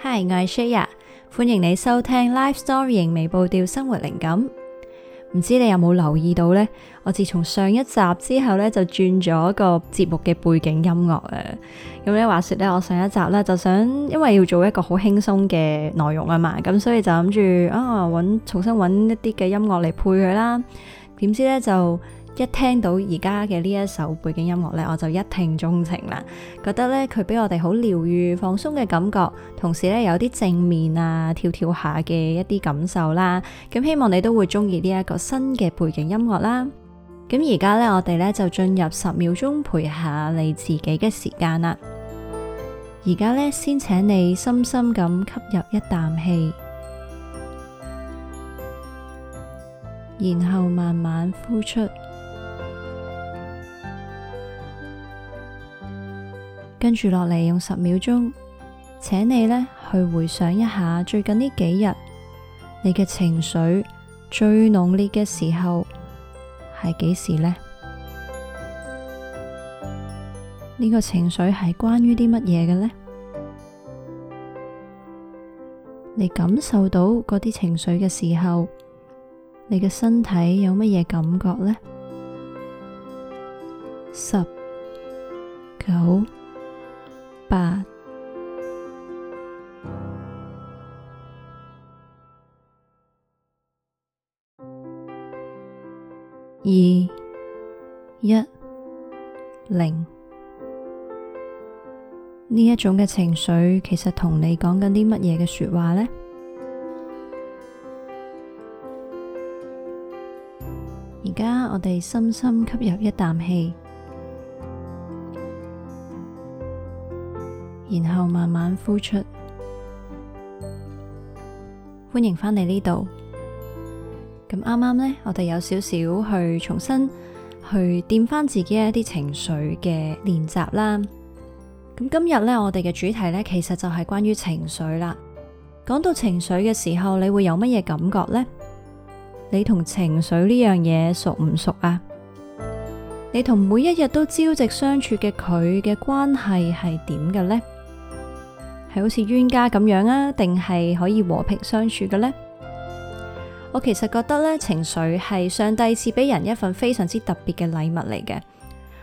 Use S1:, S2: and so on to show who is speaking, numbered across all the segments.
S1: Hi，我係艾雪呀，歡迎你收聽《Life Story》微步調生活靈感。唔知你有冇留意到呢？我自從上一集之後咧，就轉咗一個節目嘅背景音樂啊。咁咧話說咧，我上一集咧就想，因為要做一個好輕鬆嘅內容啊嘛，咁所以就諗住啊，搵重新搵一啲嘅音樂嚟配佢啦。點知咧就。一聽到而家嘅呢一首背景音樂呢，我就一聽鍾情啦，覺得呢，佢俾我哋好療癒、放鬆嘅感覺，同時呢，有啲正面啊、跳跳下嘅一啲感受啦。咁希望你都會鍾意呢一個新嘅背景音樂啦。咁而家呢，我哋呢就進入十秒鐘陪下你自己嘅時間啦。而家呢，先請你深深咁吸入一啖氣，然後慢慢呼出。跟住落嚟，用十秒鐘，請你呢去回想一下最近呢幾日，你嘅情緒最濃烈嘅時候係幾時呢？呢個情緒係關於啲乜嘢嘅呢？你感受到嗰啲情緒嘅時候，你嘅身體有乜嘢感覺呢？十九。八、二、一、零，呢一種嘅情緒，其實同你講緊啲乜嘢嘅說話呢？而家我哋深深吸入一啖氣。然後慢慢呼出，歡迎返嚟呢度。咁啱啱呢，我哋有少少去重新去掂翻自己一啲情緒嘅練習啦。咁今日呢，我哋嘅主題呢，其實就係關於情緒啦。講到情緒嘅時候，你會有乜嘢感覺呢？你同情緒呢樣嘢熟唔熟啊？你同每一日都朝夕相處嘅佢嘅關係係點嘅呢？係好似冤家咁樣啊，定係可以和平相處嘅呢？我其實覺得咧，情緒係上帝賜俾人一份非常之特別嘅禮物嚟嘅。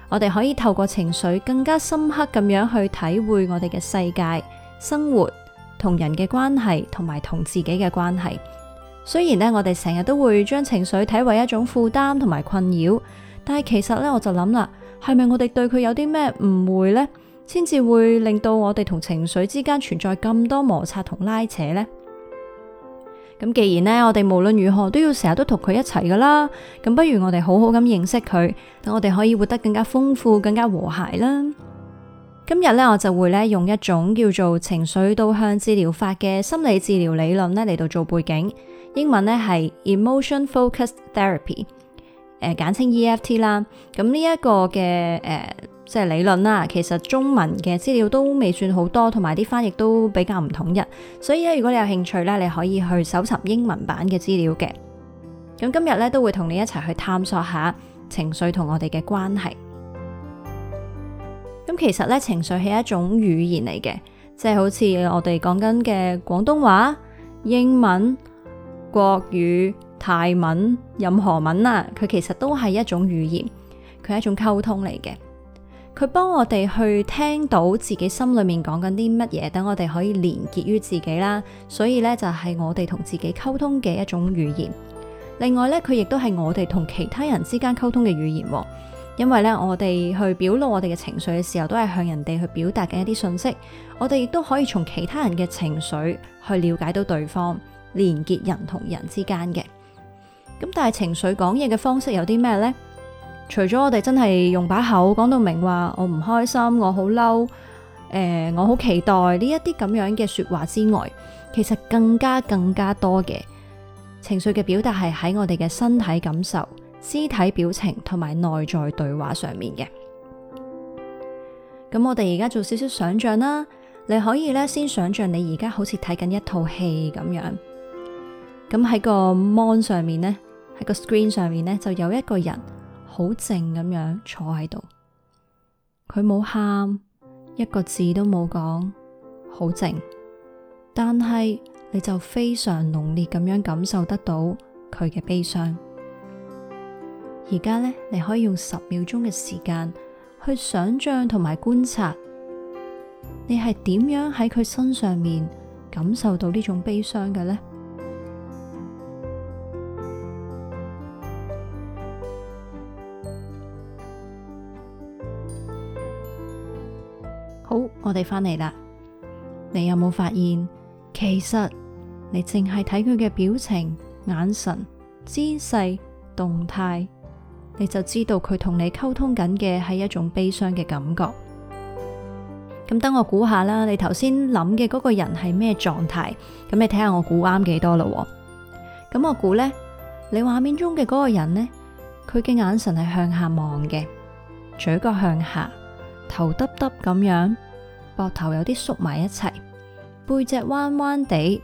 S1: 我哋可以透過情緒更加深刻咁樣去體會我哋嘅世界、生活同人嘅關係，同埋同自己嘅關係。雖然呢，我哋成日都會將情緒睇為一種負擔同埋困擾，但係其實呢，我就諗啦，係咪我哋對佢有啲咩誤會呢？先至會令到我哋同情緒之間存在咁多摩擦同拉扯呢？咁既然呢，我哋無論如何都要成日都同佢一齊㗎啦，咁不如我哋好好咁認識佢，等我哋可以活得更加豐富、更加和諧啦。今日呢，我就會呢用一種叫做情緒導向治療法嘅心理治療理論呢嚟到做背景，英文呢係 Emotion Focused Therapy。誒簡稱 EFT 啦，咁呢一個嘅誒即係理論啦，其實中文嘅資料都未算好多，同埋啲翻譯都比較唔統一，所以咧如果你有興趣咧，你可以去搜尋英文版嘅資料嘅。咁今日咧都會同你一齊去探索下情緒同我哋嘅關係。咁其實咧情緒係一種語言嚟嘅，即係好似我哋講緊嘅廣東話、英文、國語。泰文、任何文啊，佢其實都係一種語言，佢係一種溝通嚟嘅。佢幫我哋去聽到自己心裏面講緊啲乜嘢，等我哋可以連結於自己啦。所以咧，就係、是、我哋同自己溝通嘅一種語言。另外咧，佢亦都係我哋同其他人之間溝通嘅語言喎，因為咧我哋去表露我哋嘅情緒嘅時候，都係向人哋去表達緊一啲信息。我哋亦都可以從其他人嘅情緒去了解到對方連結人同人之間嘅。咁但係情緒講嘢嘅方式有啲咩呢？除咗我哋真係用把口講到明話我唔開心，我好嬲，誒、呃，我好期待呢一啲咁樣嘅說話之外，其實更加更加多嘅情緒嘅表達係喺我哋嘅身體感受、肢體表情同埋內在對話上面嘅。咁我哋而家做少少想象啦，你可以咧先想象你而家好似睇緊一套戲咁樣，咁喺個 mon 上面呢。喺個 screen 上面咧，就有一個人好靜咁樣坐喺度，佢冇喊，一個字都冇講，好靜。但係你就非常濃烈咁樣感受得到佢嘅悲傷。而家咧，你可以用十秒鐘嘅時間去想象同埋觀察，你係點樣喺佢身上面感受到呢種悲傷嘅咧？好，我哋返嚟啦。你有冇發現，其實你淨係睇佢嘅表情、眼神、姿勢、動態，你就知道佢同你溝通緊嘅係一種悲傷嘅感覺。咁，等我估下啦，你頭先諗嘅嗰個人係咩狀態？咁你睇下我估啱幾多啦？咁我估呢，你畫面中嘅嗰個人呢，佢嘅眼神係向下望嘅，嘴角向下，頭耷耷咁樣。膊頭有啲縮埋一齊，背脊彎彎地，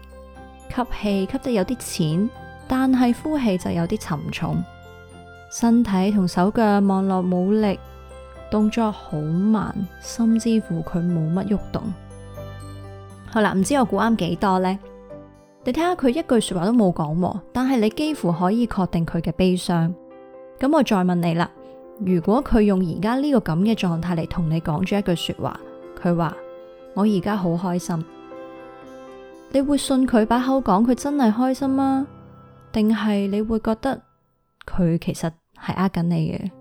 S1: 吸氣吸得有啲淺，但係呼氣就有啲沉重。身體同手腳望落冇力，動作好慢，甚至乎佢冇乜喐動。好啦，唔知我估啱幾多呢？你睇下佢，一句說話都冇講，但係你幾乎可以確定佢嘅悲傷。咁我再問你啦，如果佢用而家呢個咁嘅狀態嚟同你講咗一句說話，佢話。我而家好開心，你會信佢把口講佢真係開心嗎？定係你會覺得佢其實係呃緊你嘅？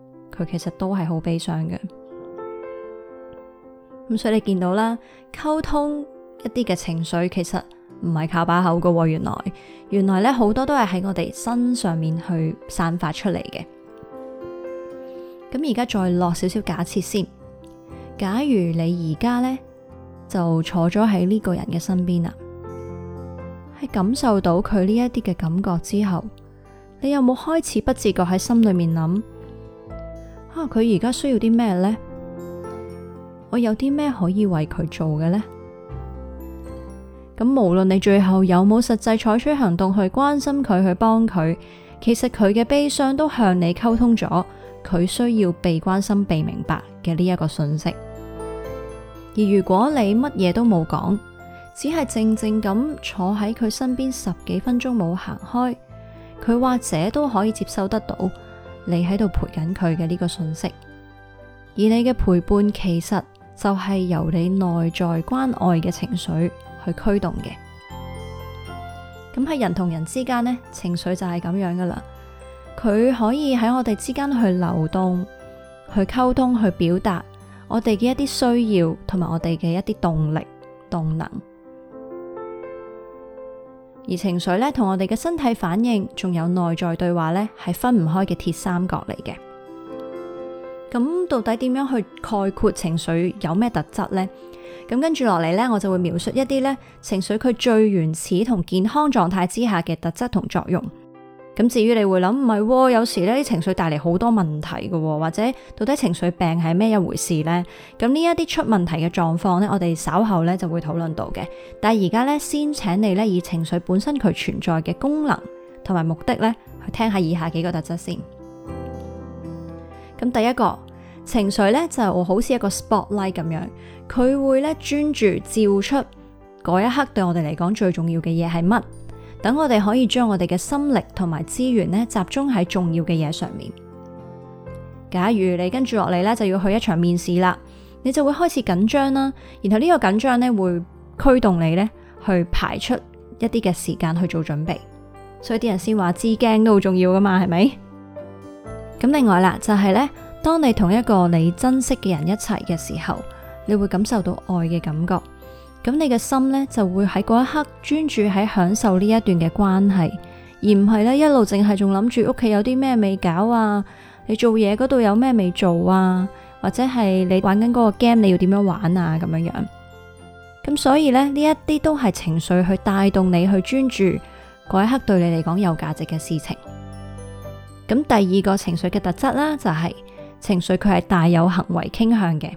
S1: 佢其實都係好悲傷嘅。咁所以你見到啦，溝通一啲嘅情緒其實唔係靠把口噶。原來，原來咧，好多都係喺我哋身上面去散發出嚟嘅。咁而家再落少少假設先，假如你而家咧。就坐咗喺呢個人嘅身邊啦，喺感受到佢呢一啲嘅感覺之後，你有冇開始不自覺喺心裏面諗：「啊，佢而家需要啲咩呢？我有啲咩可以為佢做嘅呢？」咁無論你最後有冇實際採取行動去關心佢，去幫佢，其實佢嘅悲傷都向你溝通咗，佢需要被關心、被明白嘅呢一個信息。而如果你乜嘢都冇講，只係靜靜咁坐喺佢身邊十幾分鐘冇行開，佢或者都可以接受得到你喺度陪緊佢嘅呢個信息。而你嘅陪伴其實就係由你內在關愛嘅情緒去驅動嘅。咁喺人同人之間呢，情緒就係咁樣噶啦，佢可以喺我哋之間去流動、去溝通、去表達。我哋嘅一啲需要，同埋我哋嘅一啲動力、動能，而情緒咧，同我哋嘅身體反應，仲有內在對話咧，係分唔開嘅鐵三角嚟嘅。咁到底點樣去概括情緒有咩特質呢？咁跟住落嚟咧，我就會描述一啲咧情緒佢最原始同健康狀態之下嘅特質同作用。咁至於你會諗，唔係喎，有時咧啲情緒帶嚟好多問題㗎喎，或者到底情緒病係咩一回事呢？咁呢一啲出問題嘅狀況呢，我哋稍後咧就會討論到嘅。但係而家咧，先請你咧以情緒本身佢存在嘅功能同埋目的咧，去聽下以下幾個特質先。咁第一個情緒咧就好似一個 spotlight 咁樣，佢會咧專注照出嗰一刻對我哋嚟講最重要嘅嘢係乜？等我哋可以將我哋嘅心力同埋資源呢，集中喺重要嘅嘢上面。假如你跟住落嚟咧就要去一場面試啦，你就會開始緊張啦，然後呢個緊張咧會驅動你咧去排出一啲嘅時間去做準備，所以啲人先話知驚都好重要噶嘛，係咪？咁另外啦，就係咧當你同一個你珍惜嘅人一齊嘅時候，你會感受到愛嘅感覺。咁你嘅心呢，就會喺嗰一刻專注喺享受呢一段嘅關係，而唔係呢一路淨係仲諗住屋企有啲咩未搞啊？你做嘢嗰度有咩未做啊？或者係你玩緊嗰個 game 你要點樣玩啊咁樣樣。咁所以呢，呢一啲都係情緒去帶動你去專注嗰一刻對你嚟講有價值嘅事情。咁第二個情緒嘅特質啦，就係，就係情緒佢係帶有行為傾向嘅。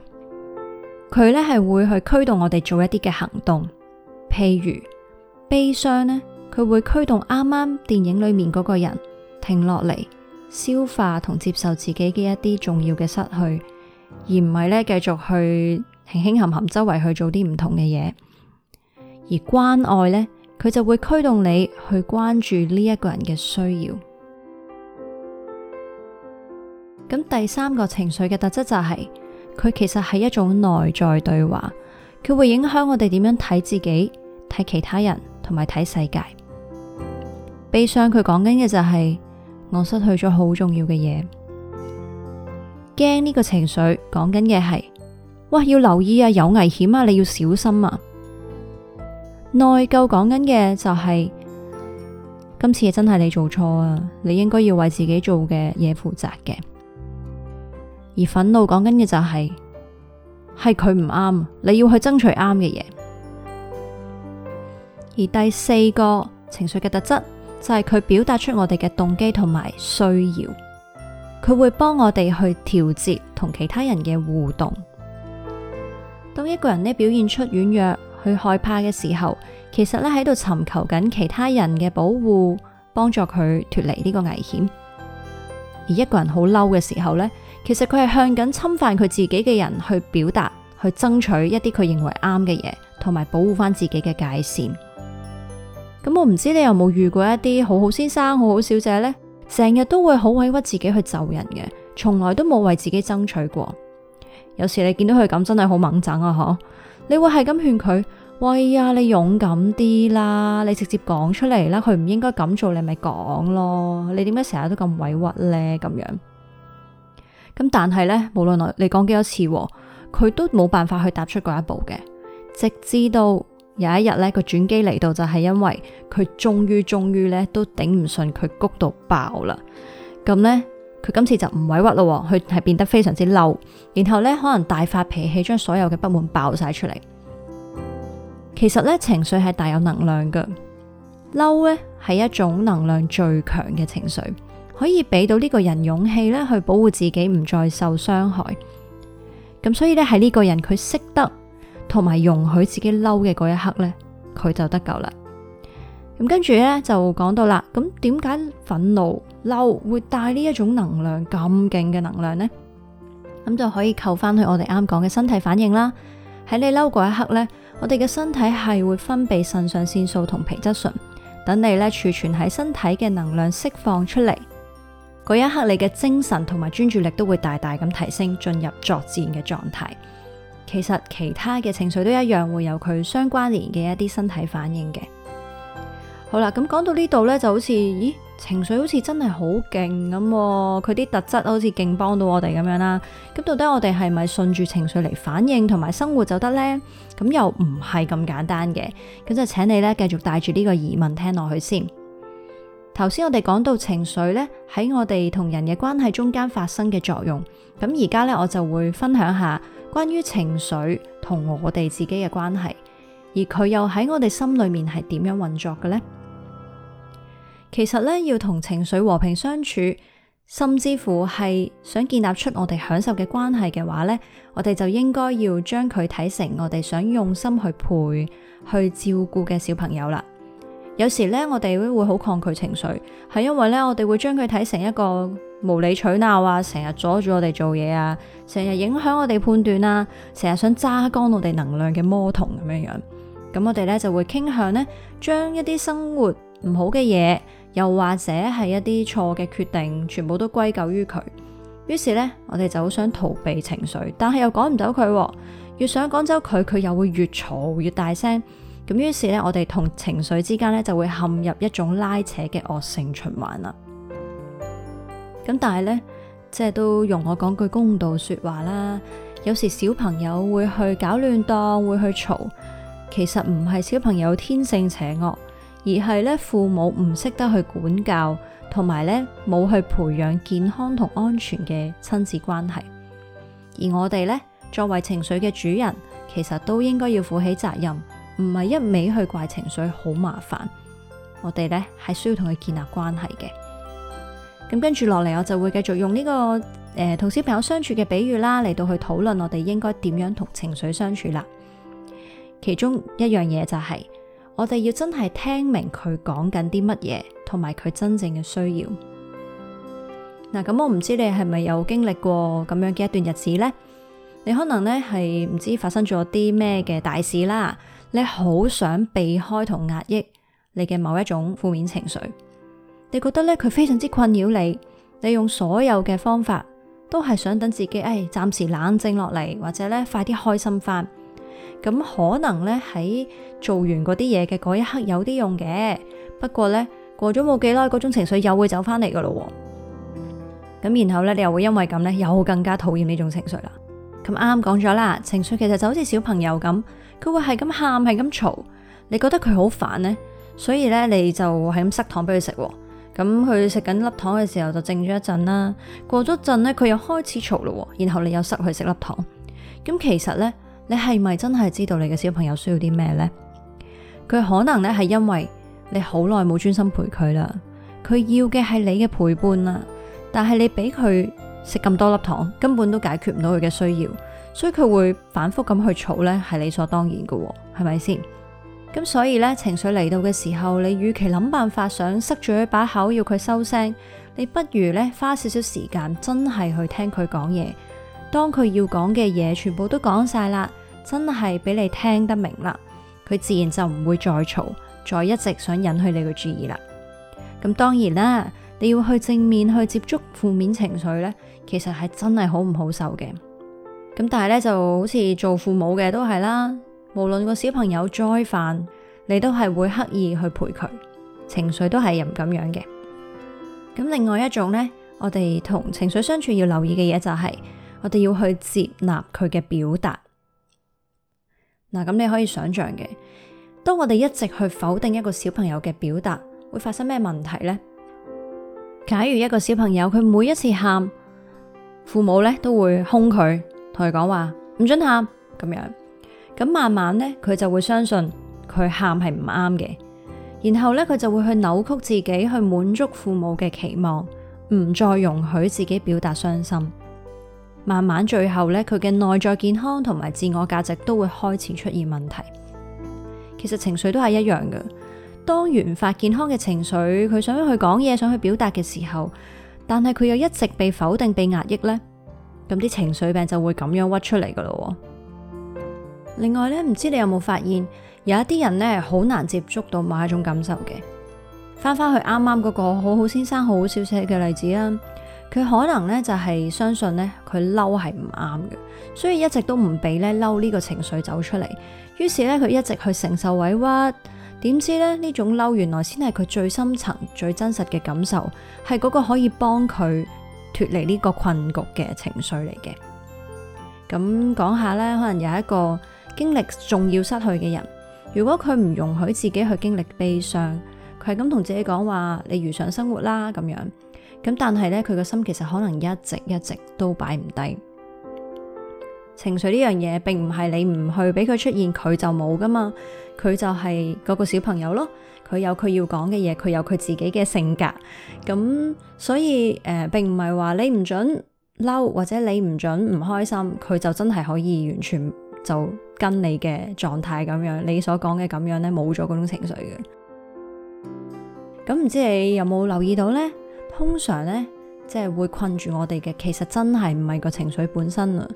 S1: 佢咧係會去驅動我哋做一啲嘅行動，譬如悲傷呢，佢會驅動啱啱電影裏面嗰個人停落嚟消化同接受自己嘅一啲重要嘅失去，而唔係咧繼續去輕輕含含周圍去做啲唔同嘅嘢。而關愛呢，佢就會驅動你去關注呢一個人嘅需要。咁第三個情緒嘅特質就係，是。佢其實係一種內在對話，佢會影響我哋點樣睇自己、睇其他人同埋睇世界。悲傷佢講緊嘅就係我失去咗好重要嘅嘢，驚呢個情緒講緊嘅係，哇，要留意啊，有危險啊，你要小心啊。內疚講緊嘅就係，今次真係你做錯啊，你應該要為自己做嘅嘢負責嘅。而憤怒講緊嘅就係，係佢唔啱，你要去爭取啱嘅嘢。而第四個情緒嘅特質就係佢表達出我哋嘅動機同埋需要，佢會幫我哋去調節同其他人嘅互動。當一個人呢表現出軟弱、去害怕嘅時候，其實呢喺度尋求緊其他人嘅保護，幫助佢脫離呢個危險。而一個人好嬲嘅時候呢。其實佢係向緊侵犯佢自己嘅人去表達，去爭取一啲佢認為啱嘅嘢，同埋保護翻自己嘅界線。咁我唔知你有冇遇過一啲好好先生、好好小姐呢？成日都會好委屈自己去咒人嘅，從來都冇為自己爭取過。有時你見到佢咁，真係好猛憎啊！嗬，你會係咁勸佢：喂呀，你勇敢啲啦，你直接講出嚟啦，佢唔應該咁做你，你咪講咯。你點解成日都咁委屈呢？咁樣。咁但係咧，無論我你講幾多次，佢都冇辦法去踏出嗰一步嘅，直至到有一日咧，個轉機嚟到就係因為佢終於終於咧都頂唔順，佢谷到爆啦。咁咧，佢今次就唔委屈咯，佢係變得非常之嬲，然後咧可能大發脾氣，將所有嘅不滿爆晒出嚟。其實咧，情緒係大有能量㗎，嬲咧係一種能量最強嘅情緒。可以俾到呢個人勇氣咧，去保護自己，唔再受傷害。咁所以咧，喺呢個人佢識得同埋容許自己嬲嘅嗰一刻咧，佢就得救啦。咁跟住咧就講到啦。咁點解憤怒嬲會帶呢一種能量咁勁嘅能量呢？咁就可以扣翻去我哋啱講嘅身體反應啦。喺你嬲嗰一刻咧，我哋嘅身體係會分泌腎上腺素同皮質醇，等你咧儲存喺身體嘅能量釋放出嚟。嗰一刻，你嘅精神同埋專注力都會大大咁提升，進入作戰嘅狀態。其實其他嘅情緒都一樣，會有佢相關聯嘅一啲身體反應嘅。好啦，咁講到呢度呢，就好似，咦，情緒好似真係好勁咁，佢、嗯、啲、哦、特質好似勁幫到我哋咁樣啦。咁到底我哋係咪順住情緒嚟反應同埋生活就得呢？咁又唔係咁簡單嘅。咁就請你咧繼續帶住呢個疑問聽落去先。頭先我哋講到情緒咧，喺我哋同人嘅關係中間發生嘅作用，咁而家咧我就會分享下關於情緒同我哋自己嘅關係，而佢又喺我哋心裏面係點樣運作嘅呢？其實咧要同情緒和平相處，甚至乎係想建立出我哋享受嘅關係嘅話咧，我哋就應該要將佢睇成我哋想用心去陪、去照顧嘅小朋友啦。有時咧，我哋會好抗拒情緒，係因為咧，我哋會將佢睇成一個無理取鬧啊，成日阻住我哋做嘢啊，成日影響我哋判斷啊，成日想榨乾我哋能量嘅魔童咁樣樣。咁我哋咧就會傾向咧，將一啲生活唔好嘅嘢，又或者係一啲錯嘅決定，全部都歸咎於佢。於是咧，我哋就好想逃避情緒，但係又趕唔走佢，越想趕走佢，佢又會越嘈越大聲。咁於是咧，我哋同情緒之間咧就會陷入一種拉扯嘅惡性循環啦。咁但係咧，即係都容我講句公道説話啦。有時小朋友會去搞亂檔，會去嘈，其實唔係小朋友天性邪惡，而係咧父母唔識得去管教，同埋咧冇去培養健康同安全嘅親子關係。而我哋咧作為情緒嘅主人，其實都應該要負起責任。唔係一味去怪情緒，好麻煩。我哋咧係需要同佢建立關係嘅。咁跟住落嚟，我就會繼續用呢、這個誒同、呃、小朋友相處嘅比喻啦，嚟到去討論我哋應該點樣同情緒相處啦。其中一樣嘢就係、是、我哋要真係聽明佢講緊啲乜嘢，同埋佢真正嘅需要嗱。咁、呃、我唔知你係咪有經歷過咁樣嘅一段日子呢？你可能咧係唔知發生咗啲咩嘅大事啦。你好想避開同壓抑你嘅某一種負面情緒，你覺得咧佢非常之困擾你，你用所有嘅方法都係想等自己誒暫時冷靜落嚟，或者咧快啲開心翻。咁可能咧喺做完嗰啲嘢嘅嗰一刻有啲用嘅，不過咧過咗冇幾耐，嗰種情緒又會走翻嚟噶咯。咁然後咧你又會因為咁咧又更加討厭呢種情緒啦。咁啱啱講咗啦，情緒其實就好似小朋友咁。佢會係咁喊，係咁嘈，你覺得佢好煩呢？所以呢，你就係咁塞糖俾佢食，咁佢食緊粒糖嘅時候就靜咗一陣啦。過咗陣呢，佢又開始嘈咯，然後你又塞佢食粒糖。咁，嗯，其實呢，你係咪真係知道你嘅小朋友需要啲咩呢？佢可能呢，係因為你好耐冇專心陪佢啦，佢要嘅係你嘅陪伴啦。但係你俾佢食咁多粒糖，根本都解決唔到佢嘅需要。所以佢會反覆咁去嘈，呢係理所當然嘅，係咪先？咁所以呢情緒嚟到嘅時候，你與其諗辦法想塞住佢把口要佢收聲，你不如呢，花少少時間，真係去聽佢講嘢。當佢要講嘅嘢，全部都講晒啦，真係俾你聽得明啦，佢自然就唔會再嘈，再一直想引起你嘅注意啦。咁當然啦，你要去正面去接觸負面情緒呢，其實係真係好唔好受嘅。咁但係咧，就好似做父母嘅都係啦。無論個小朋友再煩，你都係會刻意去陪佢，情緒都係咁樣嘅。咁另外一種咧，我哋同情緒相處要留意嘅嘢，就係、是，我哋要去接納佢嘅表達。嗱，咁你可以想象嘅，當我哋一直去否定一個小朋友嘅表達，會發生咩問題咧？假如一個小朋友佢每一次喊，父母咧都會兇佢，同佢講話唔准喊，咁樣，咁慢慢咧佢就會相信佢喊係唔啱嘅，然後咧佢就會去扭曲自己去滿足父母嘅期望，唔再容許自己表達傷心。慢慢最後咧佢嘅內在健康同埋自我價值都會開始出現問題。其實情緒都係一樣嘅，當原發健康嘅情緒佢想去講嘢、想去表達嘅時候，但係佢又一直被否定、被壓、被壓抑咧。咁啲情緒病就會咁樣屈出嚟㗎咯。另外咧，唔知你有冇發現，有一啲人咧，好難接觸到某一種感受嘅。返返去啱啱嗰個好好先生、好好小姐嘅例子啦，佢可能咧就係相信咧，佢嬲係唔啱嘅，所以一直都唔俾咧嬲呢個情緒走出嚟。於是咧，佢一直去承受委屈。點知咧，呢種嬲原來先係佢最深層、最真實嘅感受，係嗰個可以幫佢，脫離呢個困局嘅情緒嚟嘅，咁講下咧，可能有一個經歷重要失去嘅人，如果佢唔容許自己去經歷悲傷，佢係咁同自己講話，你如想生活啦咁樣，咁但係咧，佢個心其實可能一直一直都擺唔低。情緒呢樣嘢，並唔係你唔去俾佢出現，佢就冇噶嘛，佢就係嗰個小朋友咯。佢有佢要講嘅嘢，佢有佢自己嘅性格，咁所以誒、呃，並唔係話你唔准嬲或者你唔准唔開心，佢就真係可以完全就跟你嘅狀態咁樣，你所講嘅咁樣咧，冇咗嗰種情緒嘅。咁唔知你有冇留意到呢？通常呢，即係會困住我哋嘅，其實真係唔係個情緒本身啊，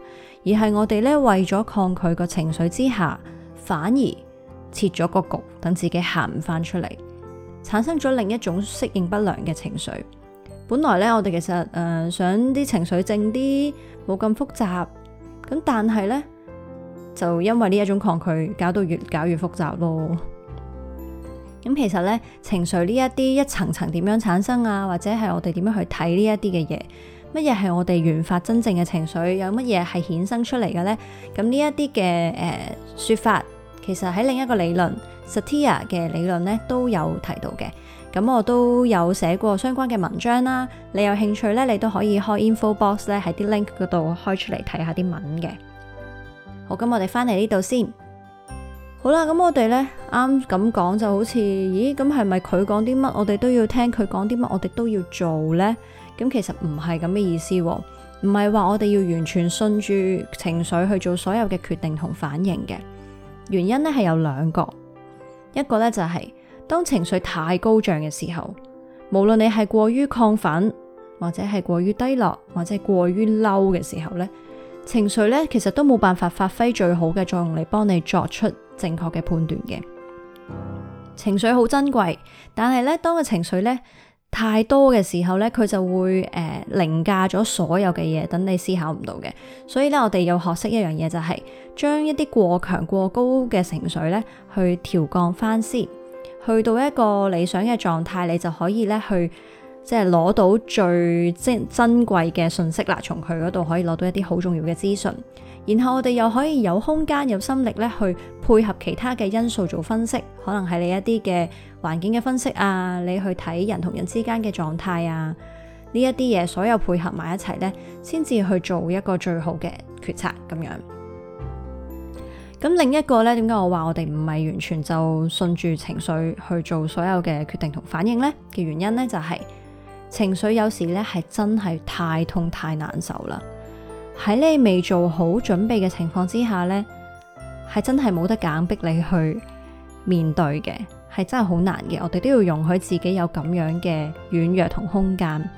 S1: 而係我哋呢，為咗抗拒個情緒之下，反而。切咗個局，等自己行唔翻出嚟，產生咗另一種適應不良嘅情緒。本來咧，我哋其實誒、呃、想啲情緒靜啲，冇咁複雜。咁但係呢，就因為呢一種抗拒，搞到越搞越複雜咯。咁、嗯、其實呢，情緒呢一啲一層層點樣產生啊？或者係我哋點樣去睇呢一啲嘅嘢？乜嘢係我哋原發真正嘅情緒？有乜嘢係衍生出嚟嘅呢？咁呢一啲嘅誒說法，其實喺另一個理論 Satir 嘅理論咧都有提到嘅。咁我都有寫過相關嘅文章啦。你有興趣咧，你都可以開 info box 咧喺啲 link 嗰度開出嚟睇下啲文嘅。好，咁我哋翻嚟呢度先。好啦，咁我哋咧啱咁講就好似咦，咁係咪佢講啲乜，我哋都要聽佢講啲乜，我哋都要做呢。咁其實唔係咁嘅意思、啊，唔係話我哋要完全順住情緒去做所有嘅決定同反應嘅。原因咧係有兩個，一個咧就係、是、當情緒太高漲嘅時候，無論你係過於亢奮，或者係過於低落，或者係過於嬲嘅時候咧，情緒咧其實都冇辦法發揮最好嘅作用嚟幫你作出正確嘅判斷嘅。情緒好珍貴，但係咧當個情緒咧。太多嘅時候呢，佢就會誒、呃、凌駕咗所有嘅嘢，等你思考唔到嘅。所以咧、就是，我哋要學識一樣嘢，就係將一啲過強、過高嘅情緒呢去調降翻先，去到一個理想嘅狀態，你就可以呢去即係攞到最即係珍貴嘅信息啦。從佢嗰度可以攞到一啲好重要嘅資訊，然後我哋又可以有空間、有心力呢去配合其他嘅因素做分析，可能係你一啲嘅。環境嘅分析啊，你去睇人同人之間嘅狀態啊，呢一啲嘢，所有配合埋一齊呢，先至去做一個最好嘅決策咁樣。咁另一個呢，點解我話我哋唔係完全就順住情緒去做所有嘅決定同反應呢？嘅原因呢，就係、是、情緒有時呢係真係太痛太難受啦。喺你未做好準備嘅情況之下呢，係真係冇得揀，逼你去面對嘅。係真係好難嘅，我哋都要容許自己有咁樣嘅軟弱同空間。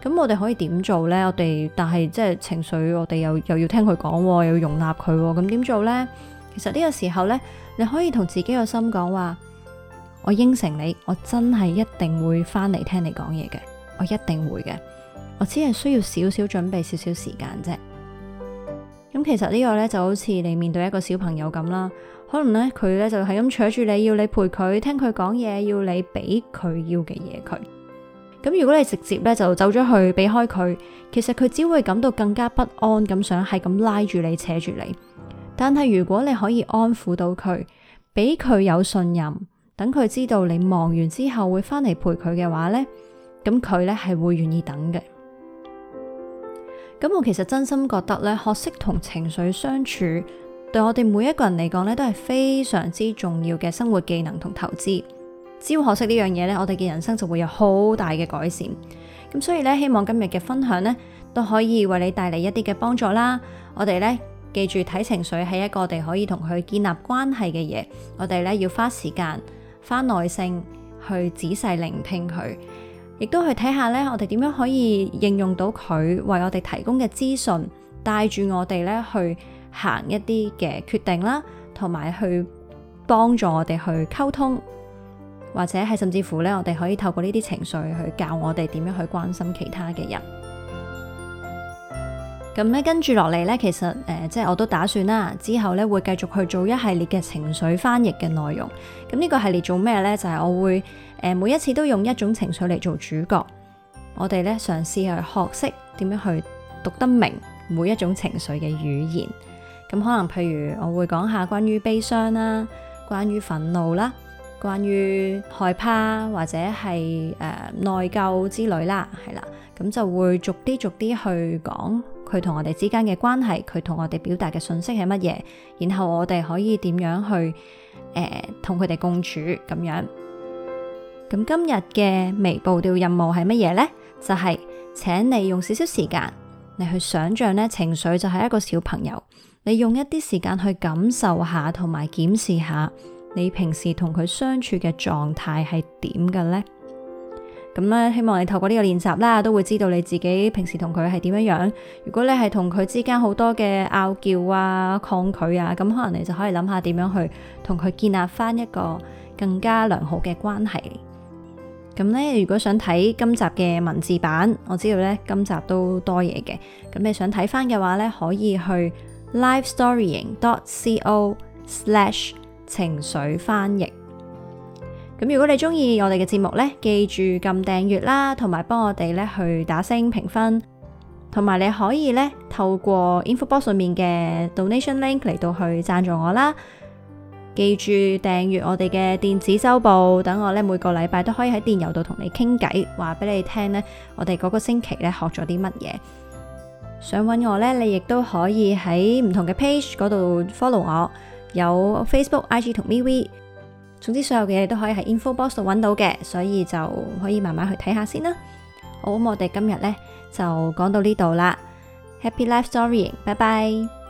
S1: 咁我哋可以點做呢？我哋但係即係情緒，我哋又又要聽佢講，又要容納佢，咁點做呢？其實呢個時候呢，你可以同自己個心講話：我應承你，我真係一定會翻嚟聽你講嘢嘅，我一定會嘅。我只係需要少少準備、少少時間啫。咁其實呢個呢，就好似你面對一個小朋友咁啦。可能咧，佢咧就係咁扯住你要你陪佢，聽佢講嘢，要你俾佢要嘅嘢佢。咁如果你直接咧就走咗去避開佢，其實佢只會感到更加不安咁，想係咁拉住你扯住你。但係如果你可以安撫到佢，俾佢有信任，等佢知道你忙完之後會翻嚟陪佢嘅話咧，咁佢咧係會願意等嘅。咁我其實真心覺得咧，學識同情緒相處。對我哋每一個人嚟講咧，都係非常之重要嘅生活技能同投資。只要學識呢樣嘢咧，我哋嘅人生就會有好大嘅改善。咁所以咧，希望今日嘅分享咧都可以為你帶嚟一啲嘅幫助啦。我哋咧記住睇情緒係一個我哋可以同佢建立關係嘅嘢。我哋咧要花時間、花耐性去仔細聆聽佢，亦都去睇下咧我哋點樣可以應用到佢為我哋提供嘅資訊，帶住我哋咧去。行一啲嘅決定啦，同埋去幫助我哋去溝通，或者係甚至乎咧，我哋可以透過呢啲情緒去教我哋點樣去關心其他嘅人。咁咧，跟住落嚟咧，其實誒，即係我都打算啦，之後咧會繼續去做一系列嘅情緒翻譯嘅內容。咁呢個系列做咩咧？就係我會誒每一次都用一種情緒嚟做主角，我哋咧嘗試去學識點樣去讀得明每一種情緒嘅語言。咁可能，譬如我會講下關於悲傷啦、啊，關於憤怒啦、啊，關於害怕或者係誒、呃、內疚之類啦，係啦，咁就會逐啲逐啲去講佢同我哋之間嘅關係，佢同我哋表達嘅信息係乜嘢，然後我哋可以點樣去誒同佢哋共處咁樣。咁今日嘅微步調任務係乜嘢呢？就係、是、請你用少少時間，你去想象咧情緒就係一個小朋友。你用一啲時間去感受下，同埋檢視下你平時同佢相處嘅狀態係點嘅咧？咁咧，希望你透過呢個練習啦，都會知道你自己平時同佢係點樣樣。如果你係同佢之間好多嘅拗撬啊、抗拒啊，咁可能你就可以諗下點樣去同佢建立翻一個更加良好嘅關係。咁咧，如果想睇今集嘅文字版，我知道咧今集都多嘢嘅。咁你想睇翻嘅話咧，可以去。livestorying.co/slash 情緒翻譯。咁如果你中意我哋嘅節目呢，記住撳訂閱啦，同埋幫我哋呢去打星評分，同埋你可以呢透過 info box 上面嘅 donation link 嚟到去贊助我啦。記住訂閱我哋嘅電子周報，等我呢每個禮拜都可以喺電郵度同你傾偈，話俾你聽呢我哋嗰個星期呢學咗啲乜嘢。想揾我呢，你亦都可以喺唔同嘅 page 嗰度 follow 我，有 Facebook、IG 同 MeWe，總之所有嘅嘢都可以喺 info box 度揾到嘅，所以就可以慢慢去睇下先啦。好，我哋今日呢就講到呢度啦，Happy Life Story，拜拜。